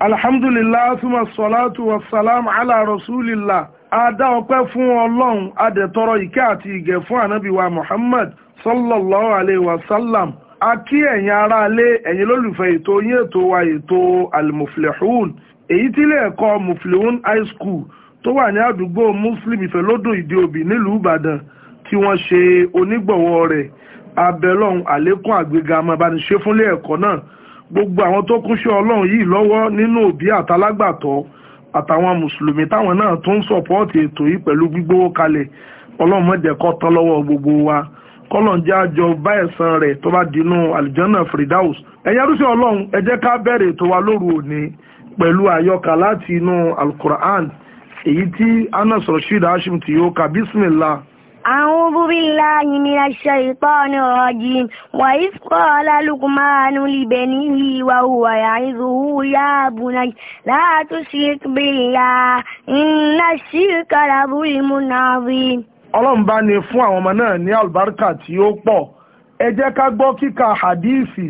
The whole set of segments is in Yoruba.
alhamdulillah suma salatu wa salam ala rasulillah adá ọpẹ́ fún ọlọ́run adẹ̀tọ́rọ ìkẹ́ àti ìgẹ̀ fún ànábì wa muhammad sallallahu alayhi wa sallam a kí ẹ̀yin ará ilé ẹ̀yin lólùfẹ́ ètò yín ètò wa ètò almuflihun èyí tí ilé ẹ̀kọ́ muflihun high school tó wà ní àdúgbò muslim ìfẹ́lódùn ìdí òbí nílùú ìbàdàn tí wọ́n ṣe onígbọ̀wọ́ rẹ̀ abẹ́lọ́hun àlékún àgbéga amọ̀bániṣe fúnlé ẹ̀kọ́ náà gbogbo àwọn tó kúnṣẹ́ ọlọ́run yìí lọ́wọ́ nínú òbí àtàlágbàtọ́ àtàwọn mùsùlùmí táwọn náà tó ń sọ̀pọ́ọ̀tì ètò yìí pẹ̀lú gbígbówó kalẹ̀ ọlọ́run má jẹ́ kó tán lọ́wọ́ gbogbo wa kọ́lọ̀n jẹ́ àjọ bá ẹ̀san rẹ̀ tó bá dinú àlìjánà Firdaus ẹ̀yẹ́ rúṣẹ́ ọlọ́run ẹ jẹ́ ká bẹ̀rẹ̀ ètò wa lóru òní pẹ̀lú àyọkà láti inú alukur'an èyí tí anas rasheed hashim ti yóò ka bismillah أعوذ بالله من الشيطان الرجيم وإذ قال لقمان لبنيه وهو يعظه يا بني لا تشرك بالله إن الشرك لظلم عظيم ọlọ́run bá ní fún àwọn ọmọ náà ní àlùbáríkà tí ó pọ̀ ẹ jẹ́ ká gbọ́ kíka hadithi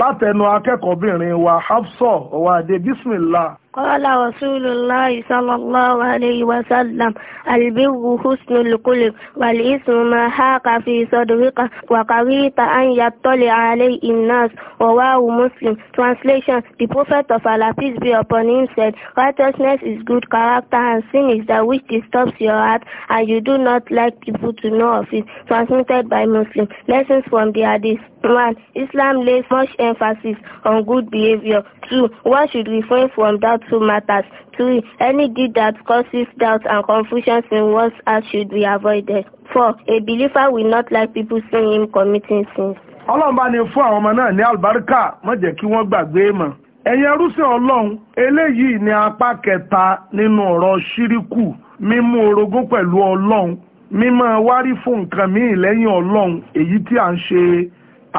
látẹnu akẹ́kọ̀ọ́bìnrin wa hafsọ ọ̀wádé bismillah قال رسول الله صلى الله عليه وسلم البر حسن القلب والإثم ما حاق في صدرك وقريت أن يطلع عليه الناس رواه Muslim Translation The Prophet of Allah peace be upon him said righteousness is good character and sin is that which disturbs your heart and you do not like people to know of it transmitted by Muslim Lessons from the Hadith 1. Islam lays much emphasis on good behavior 2. One should refrain from doubt two matters. Three, any deed that causes doubt and confusion in one's heart should be avoided. Four, a believer will not like people seeing him committing sins. Ọlọ́run bá fún àwọn ọmọ náà ní àlùbáríkà má jẹ́ kí wọ́n gbàgbé e mọ̀. Ẹ̀yin arúsìn Ọlọ́run, eléyìí ni apá kẹta nínú ọ̀rọ̀ ṣíríkù mímú orogún pẹ̀lú Ọlọ́run, mímọ wárí fún nǹkan míì lẹ́yìn Ọlọ́run èyí tí à ń ṣe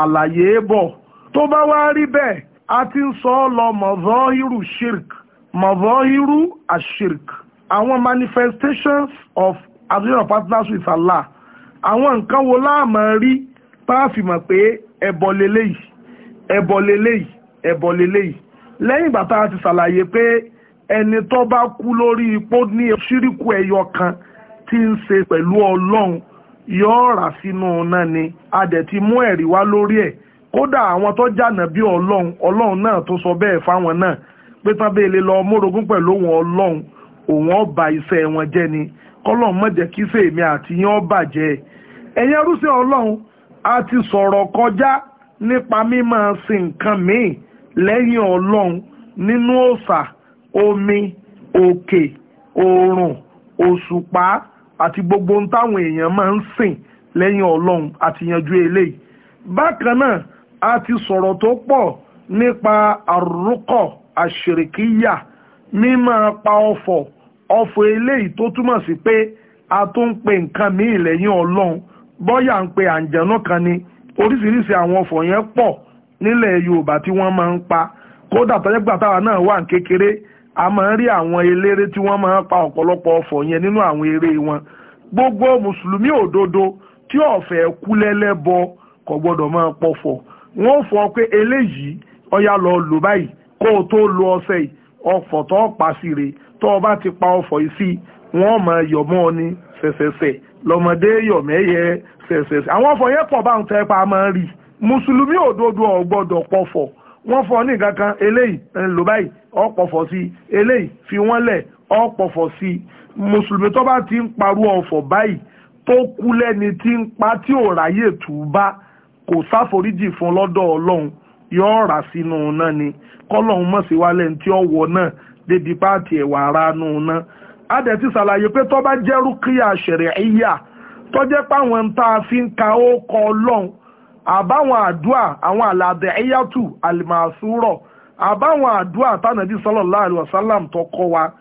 àlàyé bọ̀. Tó bá wá rí bẹ́ẹ̀, a ti ń sọ ọ́ lọ mọ̀ zọ́hírù ṣírk mọ̀vọ́hírú ashirk àwọn manifestations of association partners with Allah àwọn nǹkan wo láàmọ́ rí páàfì mọ̀ pé ẹbọ leléyìí ẹbọ leléyìí ẹbọ leléyìí lẹ́yìn ìgbà tá a ti ṣàlàyé pé ẹni tó bá kú lórí ipò ní ṣíríkù ẹyọ kan tí ń ṣe pẹ̀lú ọlọ́run yóò rà sínú náà ni a dẹ̀ ti mú ẹ̀rí wá lórí ẹ̀ kódà àwọn tó jànà bí ọlọ́run ọlọ́run náà tó sọ bẹ́ẹ̀ fáwọn náà pé tán bẹ́ẹ̀ lè lọ mórogún pẹ̀lú òun ọlọ́run òun ọba iṣẹ́ wọn jẹ́ ni kọ́lọ́n má jẹ́ kí iṣẹ́ èmi àti yín ó bàjẹ́ ẹ̀yin arúṣẹ́ ọlọ́run a ti sọ̀rọ̀ kọjá nípa mímọ́ sin nǹkan míì lẹ́yìn ọlọ́run nínú òòṣà omi òkè oòrùn òṣùpá àti gbogbo ohun táwọn èèyàn máa ń sìn lẹ́yìn ọlọ́run àti yanjú eléyìí bákan náà a ti sọ̀rọ̀ tó pọ̀ nípa àrùkọ̀ àṣìríkíyà ní máa pa ọ̀fọ̀ ọ̀fọ̀ eléyìí tó túmọ̀ sí pé a tó ń pe nǹkan míì lẹ́yìn ọlọ́run bọ́yà ń pe àǹjẹ̀nú kan ni oríṣiríṣi àwọn ọ̀fọ̀ yẹn pọ̀ nílẹ̀ yorùbá tí wọ́n máa ń pa kódà tọ́jọ́gbà táwa náà wà ní kékeré a máa ń rí àwọn eléré tí wọ́n máa ń pa ọ̀pọ̀lọpọ̀ ọ̀fọ̀ yẹn nínú àwọn eré wọn gbogbo mùsùlùmí òdodo tí ọ̀fẹ́ kú lẹ́lẹ́bọ kò gbọ́dọ̀ máa pọ̀fọ̀ wọ́n fọ pé eléyìí ọya lọ lò báyìí kó o tó lo ọṣẹ yìí ọfọ̀ tó pa sí rè tó o bá ti pa ọfọ̀ yìí sí wọ́n máa yọ̀ mọ́ ọ ní ṣẹ̀ṣẹ̀ṣẹ̀ lọ́mọdé yọ̀ mẹ́yẹ ṣẹ̀ṣẹ̀ṣẹ̀ àwọn ọfọ̀ yẹn pọ̀ báwọn tẹ́ pa máa ń rí mùsùlùmí òdodo ò gbọ́dọ̀ pọ̀fọ̀ wọ́n fọ ní nǹkan kan eléyìí ńlò báyìí ó pọ̀fọ̀ sí eléyìí fi wọ́n lẹ̀ ó pọ̀fọ̀ sí mùsùlùmí tó bá ti ń parú ọ̀fọ̀ báyìí tó kú lẹ́ni tí ń pa tí ò ráyè tù bá kò sáforíjì fún lọ́dọ̀ ọlọ́run yóò rà sínú iná ni kọ́lọ́hún mọ̀ sí wálẹ̀ tí ó wọ náà débi páàtì ara nù a adẹ̀ ti ṣàlàyé pé tó bá jẹ́ rúkìá ṣẹ̀rẹ̀ ìyà tó jẹ́ tá a fi ń ka ó ọlọ́run àbáwọn àdúà àwọn àlìmàṣúrọ̀ àbáwọn àdúà tó kọ wa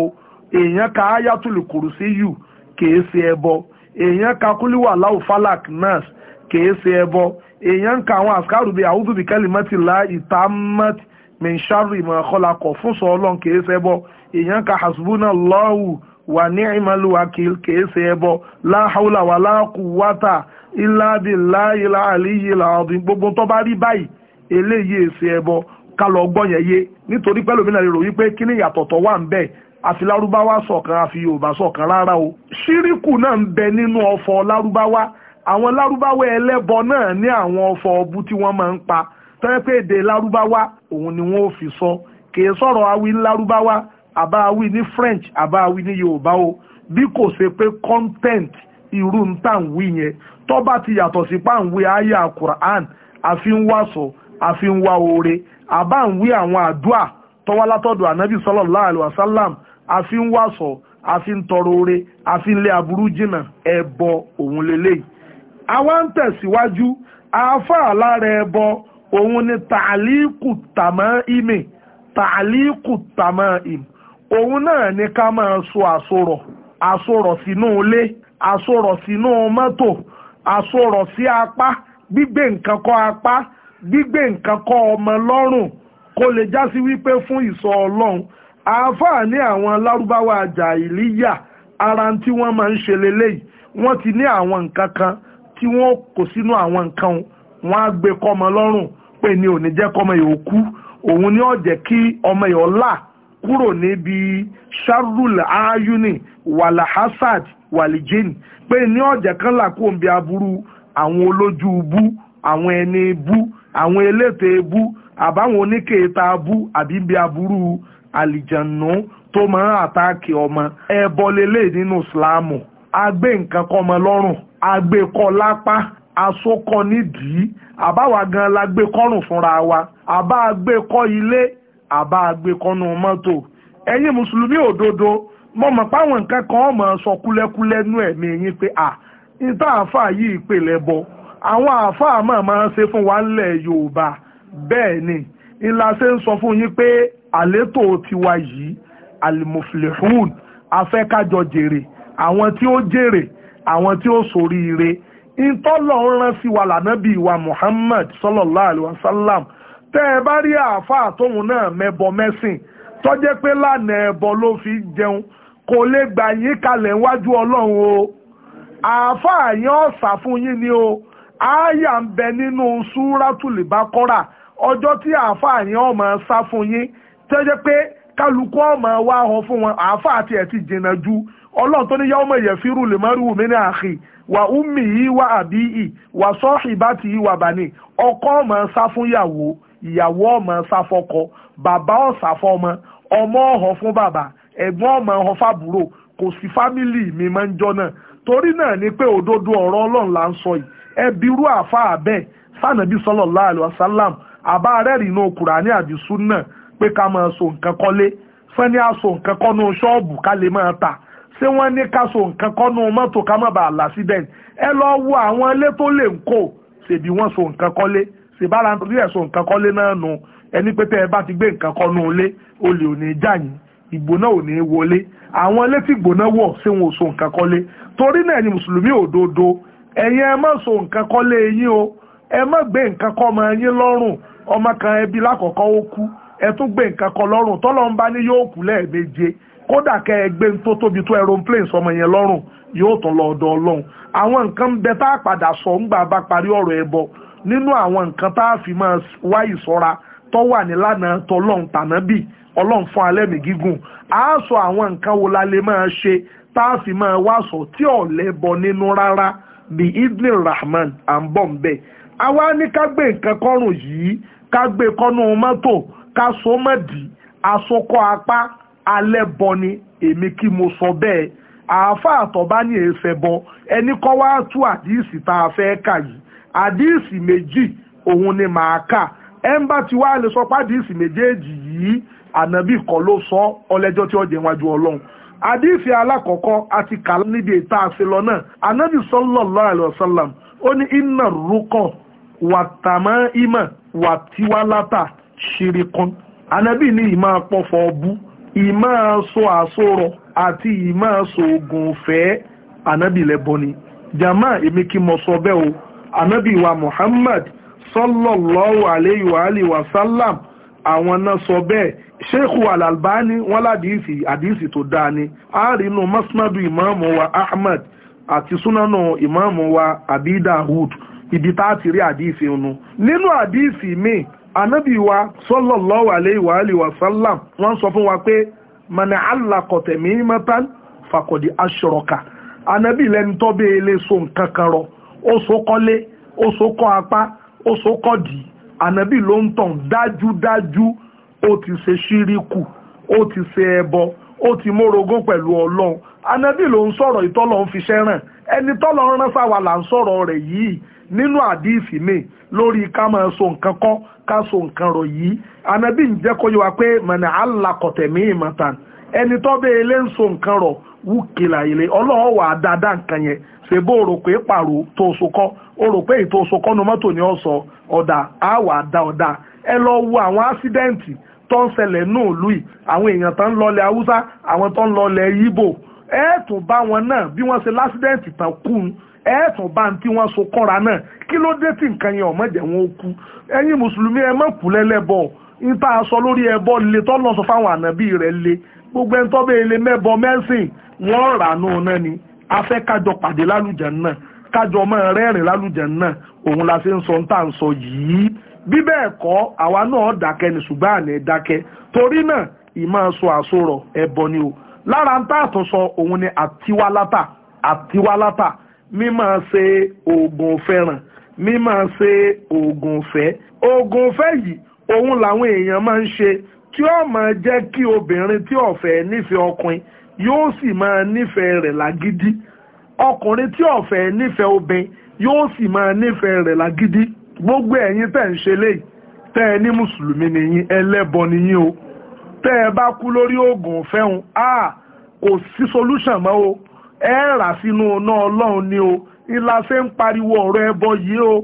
o èèyàn ka ayatul kùrùsí yù kèé ṣe ẹbọ èèyàn ka kúlíwà falak nurse kìí ṣe ẹbọ èèyàn ń ka àwọn àṣkárù bíi àwùjọ bíi kẹlìmọ́tì lá ìtàmọ́tì mẹ́ńsárì ìmọ̀ ọ̀kọ́lakọ̀ fún sọ ọlọ́run kìí ṣe ẹbọ èèyàn ka hasbuna lọ́wù wà ní ìmọ̀lúwakìl kìí ṣe ẹbọ láhàúlà wà láàkúwátà ìlàbí láìlà àlìyé làọ̀dún gbogbo tó bá rí báyìí eléyìí èsì ẹbọ ká lọ gbọ́n yẹn yé nítorí pẹ́lú mi náà lè rò wípé kí ni wà ń bẹ̀ àfi lárúbáwá sọ̀kan àfi yorùbá sọ̀kan rárá o ṣíríkù náà ń bẹ nínú ọ̀fọ̀ lárúbáwá àwọn lárúbáwá ẹlẹ́bọ náà ní àwọn ọfọ̀ ọbú tí wọ́n máa ń pa tọ́yẹ́ pé èdè lárúbáwá òun ni wọ́n ò fi sọ kìí sọ̀rọ̀ awi ní lárúbáwá àbá awi ní French àbá awi ní Yorùbá o bí kò ṣe pé content irú ń tà ń wí yẹn tó bá ti yàtọ̀ sí pa ń wí àyà Quran àfi ń wàsọ àfi ń wá oore àbá ń wí àwọn àdúà tó wá látọ̀dọ̀ ànábì sallallahu alaihi wasallam àfi ń wàsọ àwa ń tẹ̀síwájú àáfàá lára ẹbọ òun ni tàlíkù tàmọ́ ìmì tàlíkù tàmọ́ ìmì òun náà ni ká máa so àsorọ̀ àsorọ̀ sínú ilé àsorọ̀ sínú mọ́tò àsorọ̀ sí apá gbígbé nǹkan kọ́ apá gbígbé nǹkan kọ́ ọmọ lọ́rùn kó lè já sí wípé fún ìsọ ọlọ́run àáfàá ní àwọn lárúbáwá àjà ìlíyà ara tí wọ́n máa ń ṣe leléyìí wọ́n ti ní àwọn nǹkan kan tí wọ́n kò sínú àwọn nǹkan wọn á gbé kọ́mọ lọ́rùn pé ní òní jẹ́ kọ́mọ yòó kú òun ni ó jẹ́ kí ọmọ yòó là kúrò níbi sharul ayuni wàlà hasad wàlìjìn pé ní ó jẹ́ kan là kúrò níbi aburú àwọn olójú bú àwọn ẹni bú àwọn eléte bú àbáwọn oníkèéta bú àbí níbi aburú àlìjànú tó máa ń àtàkì ọmọ ẹbọ lélẹ̀ nínú ìsìláàmù agbé kọ́mọ lọ́rùn agbẹ́kọ̀ lápá asókọ nídìí àbáwa gan la gbé kọ́rùn fúnra wa àbá agbẹ́kọ̀ ilé àbá agbẹ́kọ̀nù mọ́tò ẹ̀yin mùsùlùmí òdodo mo mọ̀ páwọn nǹkan kan ọmọ sọ kúlẹ́kúlẹ́ nú ẹ̀mí yín pé à níta àáfàá yìí ìpele bọ àwọn àáfàá mọ̀ máa ń ṣe fún wa ńlẹ̀ Yorùbá bẹ́ẹ̀ ni ńlá ṣe ń sọ fún yín pé àlétò tiwa yìí alimuflihun afẹ́kájọ jèrè àwọn tí ó jèrè àwọn tí ó sórí ire ìtọ́lọ̀ ń rán sí wa lànàbí wa Muhammad sallallahu alayhi wa sallam tẹ́ ẹ bá rí àáfàá tóun náà mẹ́bọ mẹ́sìn tọ́jẹ́ pé lànà ẹ̀bọ ló fi jẹun kò lè gbà yín kalẹ̀ wájú ọlọ́run o àáfàá yẹn ọ̀sà fún yín ni o àáyà ń bẹ nínú súrátùlì bákọ́rà ọjọ́ tí àáfàá yẹn ọmọ sá fún yín tọ́jẹ́ pé kálukú ọmọ wa hàn fún wọn àáfàá tiẹ̀ ti jìnnà ju ọlọ́run tó ní yawma yafiru limaru min akhi wa ummihi wa abihi wa sahibatihi wa bani ọkọ ọmọ sá fún ìyàwó ìyàwó ọmọ sá fọkọ bàbá ọ̀sà fọmọ ọmọ ọ̀họ̀ fún bàbá ẹ̀gbọ́n ọmọ ọ̀họ̀ fàbúrò kò sí fámìlì mi máa ń jọ náà torí náà ni pé òdodo ọ̀rọ̀ ọlọ́run là ń sọ yìí ẹbí irú àáfàá bẹ́ẹ̀ sànàbí sallallahu alaihi wasallam àbá rẹ́rìn inú kùránì àbí súnà pé ká máa so nǹkan kọ́lé fẹ́ni á nǹkan kọ́nú ṣọ́ọ̀bù ká lè máa tà ṣé wọ́n ní ká so nǹkan kọ́nu mọ́tò ká má bàa l'accident ẹ lọ wo àwọn ilé tó lè ń kó ṣèbí wọ́n so nǹkan kọ́lé ṣèbára rí ẹ̀ so nǹkan kọ́lé náà nu ẹni pé tẹ́ ẹ bá ti gbé nǹkan kọ́nu ilé olè ò ní já yín ìgbóná ò ní wọlé àwọn ilé tí ìgbóná wọ̀ ṣé wọn ò so nǹkan kọ́lé torí náà ni mùsùlùmí òdodo ẹ̀yin ẹ má so nǹkan kọ́lé yín o ẹ má gbé nǹkan kọ́ ọmọ yín lọ́rùn ọmọ kódà kẹ́ ẹ tó tóbi tó aeroplane sọmọ yẹn lọ́rùn yóò tún lọ ọlọ́run àwọn nǹkan bẹ tá a padà sọ ńgbà bá parí ọ̀rọ̀ ẹbọ nínú àwọn nǹkan tá a fi máa wà tọlọ́run ọlọ́run fún gígùn a àwọn nǹkan wo la lè máa ṣe tá a lẹ́bọ ní ká gbé alẹ́ bọ ni èmi kí mo sọ bẹ́ẹ̀ àáfàá àtọ̀bá ní èéfẹ́ bọ ẹni kọ́ wá tú àdíìsì tá a fẹ́ kà yìí àdíìsì méjì òun ni màá kà ẹ ń bá ti wá lè sọ pàdíìsì méjèèjì yìí ànábì kọ́ ló sọ ọlẹ́jọ́ tí ó jẹ́ wájú ọlọ́run àdíìsì alákọ̀ọ́kọ́ àti kàlá níbi ètà àṣelọ náà ànábì sallallahu alaihi wasallam ó ní iná rúkọ̀ wàtàmọ́ ìmọ̀ wàtíwálátà ṣirikun ànábì ní ìmọ̀ àpọ̀fọ̀ ọbú ìmáa sọ àsọ̀rọ̀ àti ìmáa sọ oògùn ọ̀fẹ́ ànábì lẹ́bọ ni jama èmi kí mo sọ bẹ́ẹ̀ o ànábì wa Muhammad sallallahu alayhi wa sallam àwọn náà sọ bẹ́ẹ̀ sheikhu al-Albani wọn ládìísì àdìísì tó dáa ni àárínú masnadu ìmáàmù wa Ahmad àti súnánù ìmáàmù wa Abi Dawud ibi tá a ti rí àdìísì nu nínú àdìísì míì Anabiwa wa sallallahu alayhi wa alihi wa sallam wọ́n wa pe mana alakọ̀tẹ̀ mímọ́tán fàkọ̀dí aṣọ̀rọ̀kà anabi lẹ́ni tó bẹ́ ilé so nǹkan kan rọ ó so kọ́lé ó so kọ́ apá ó so kọ́ dì anabi ló ń daju dájúdájú ó ti ṣe ṣíríkù ó ti ṣe ẹbọ ó ti anabi ló ń sọ̀rọ̀ ìtọ́lọ́ ń fiṣẹ́ ẹni tọ́lọ̀ ń rán sáwà là ń sọ̀rọ̀ rẹ̀ yìí nínú àdìsí mi lórí ká máa so nǹkan kọ́ ká so nǹkan rọ̀ yìí ànábì ń jẹ́ kó yé wa pé mọ̀nà alákọ̀tẹ̀ mí ìmọ̀tàn ẹni tọ́ bẹ́ẹ̀ lé ń so nǹkan rọ̀ wú kìlà ilé ọlọ́wọ́ wà dáadáa nǹkan yẹn ṣe bó o rò pé pààrọ̀ tó o o rò pé ẹ̀ẹ́tùn bá wọn náà bí wọ́n ṣe lásìdẹ́ǹtì tán kú ẹ̀ẹ́tùn bá ń tí wọ́n so kọ́ra náà kí ló dé tí nǹkan yẹn ọ̀mọ́ jẹ̀ wọ́n kú ẹ̀yin mùsùlùmí ẹ má kú lẹ́lẹ́bọ̀ ń tá a sọ lórí ẹbọ le tó lọ sọ fáwọn ànábì rẹ̀ le gbogbo ẹni tó bẹ́ẹ̀ lè mẹ́bọ mẹ́sìn wọ́n rà náà náà ni afẹ́ kájọ pàdé lálùjẹ̀ náà kájọ ọmọ rẹ́rìn lálùjẹ̀ náà òun la ṣe ń sọ ń tà ń sọ yìí bí bẹ́ẹ̀ kọ́ àwa náà dákẹ́ ni ṣùgbọ́n àná ẹ̀ dákẹ́ torí náà ìmáa sọ àsọ̀rọ̀ ẹbọ ni o lára ń tààtò sọ òun ni àtiwálátà àtiwálátà mímọ ṣe oògùn fẹ́ràn mímọ ṣe oògùn fẹ́ oògùn fẹ́ yìí òun làwọn èèyàn máa ń ṣe tí ó máa jẹ́ kí obìnrin tí ó fẹ́ nífẹ̀ẹ́ ọkùnrin yóò sì máa nífẹ̀ẹ́ rẹ̀ lágídí ọkùnrin tí ó fẹ́ nífẹ̀ẹ́ obìnrin yóò sì máa nífẹ̀ẹ́ rẹ̀ lágídí gbogbo ẹ̀yin tẹ̀ ń ṣe léyìí tẹ́ ẹ ní mùsùlùmí nìyí ẹlẹ́bọ nìyí o tẹ́ ẹ bá kú lórí oògùn fẹ́hun a kò sí solution mọ́ o ẹ rà sínú iná ọlọ́run ni o ìlà ṣe ń pariwo ọ̀rọ̀ ẹbọ yìí o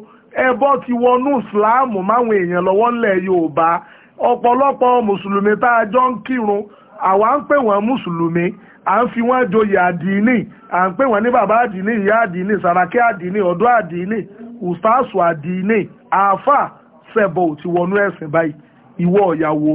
ẹbọ ti wọnú ìsìláàmù máwọn èèyàn lọ́wọ́ ńlẹ̀ yorùbá ọ̀pọ̀lọpọ̀ mùsùlùmí tá a jọ ń kírun àwa ń pè wọ́n mùsùlùmí à ń fi wọ́n joyè àdínì à ń pè wọ́n ní bàbá àdínì ìyá àdínì sàràkí àdínì ọ̀dọ́ àdínì ustaasu àdínì àáfà ṣẹbọ ò ti wọnú ẹ̀sìn báyìí ìwọ ìyàwó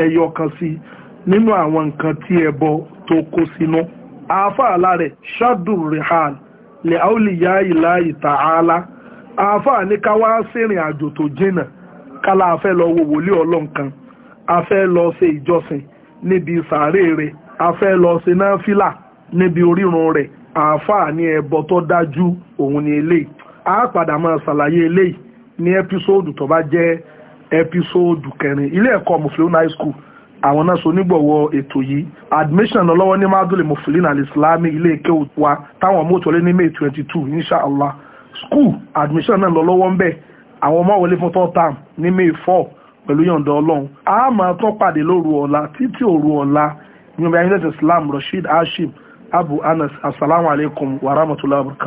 ẹyọ kan sí nínú àwọn nǹkan tí ẹbọ tó kó sínú àáfà alárẹ̀ ṣádùn rihal lè àólìyá ìlà ìtààlá àáfà ní ká wá sírìn àjò tó jìnà kálá afẹ́ lọ wo wòlíì ọlọ́nkan afẹ́ lọ ṣe ìjọsìn níbi sàárè rẹ̀ lọ ṣe níbi orírun rẹ̀ àáfà ní ẹbọ tó dájú òun ni eléyìí a padà máa ṣàlàyé eléyìí ní ẹ́písòòdù tó bá jẹ́ ẹpisóòdù kẹrin ilé ẹ̀kọ́ mufilin high school àwọn náà sonígbọ̀wọ́ ètò yìí admission lọ́wọ́ ní madule mufilin alislami ilé ìkẹ́ wa táwọn ọmọ òtọ́lé ní may twenty two inshallah school admission náà lọ lọ́wọ́ ń bẹ̀ àwọn ọmọ wọlé fún third term ní may four pẹ̀lú yọ̀ǹda ọlọ́run a máa tán pàdé lóru ọ̀la títí òru ọ̀la yorùbá united islam rasheed hashim abu anas asalaamualeykum wa rahmatulahi wa barakatuh.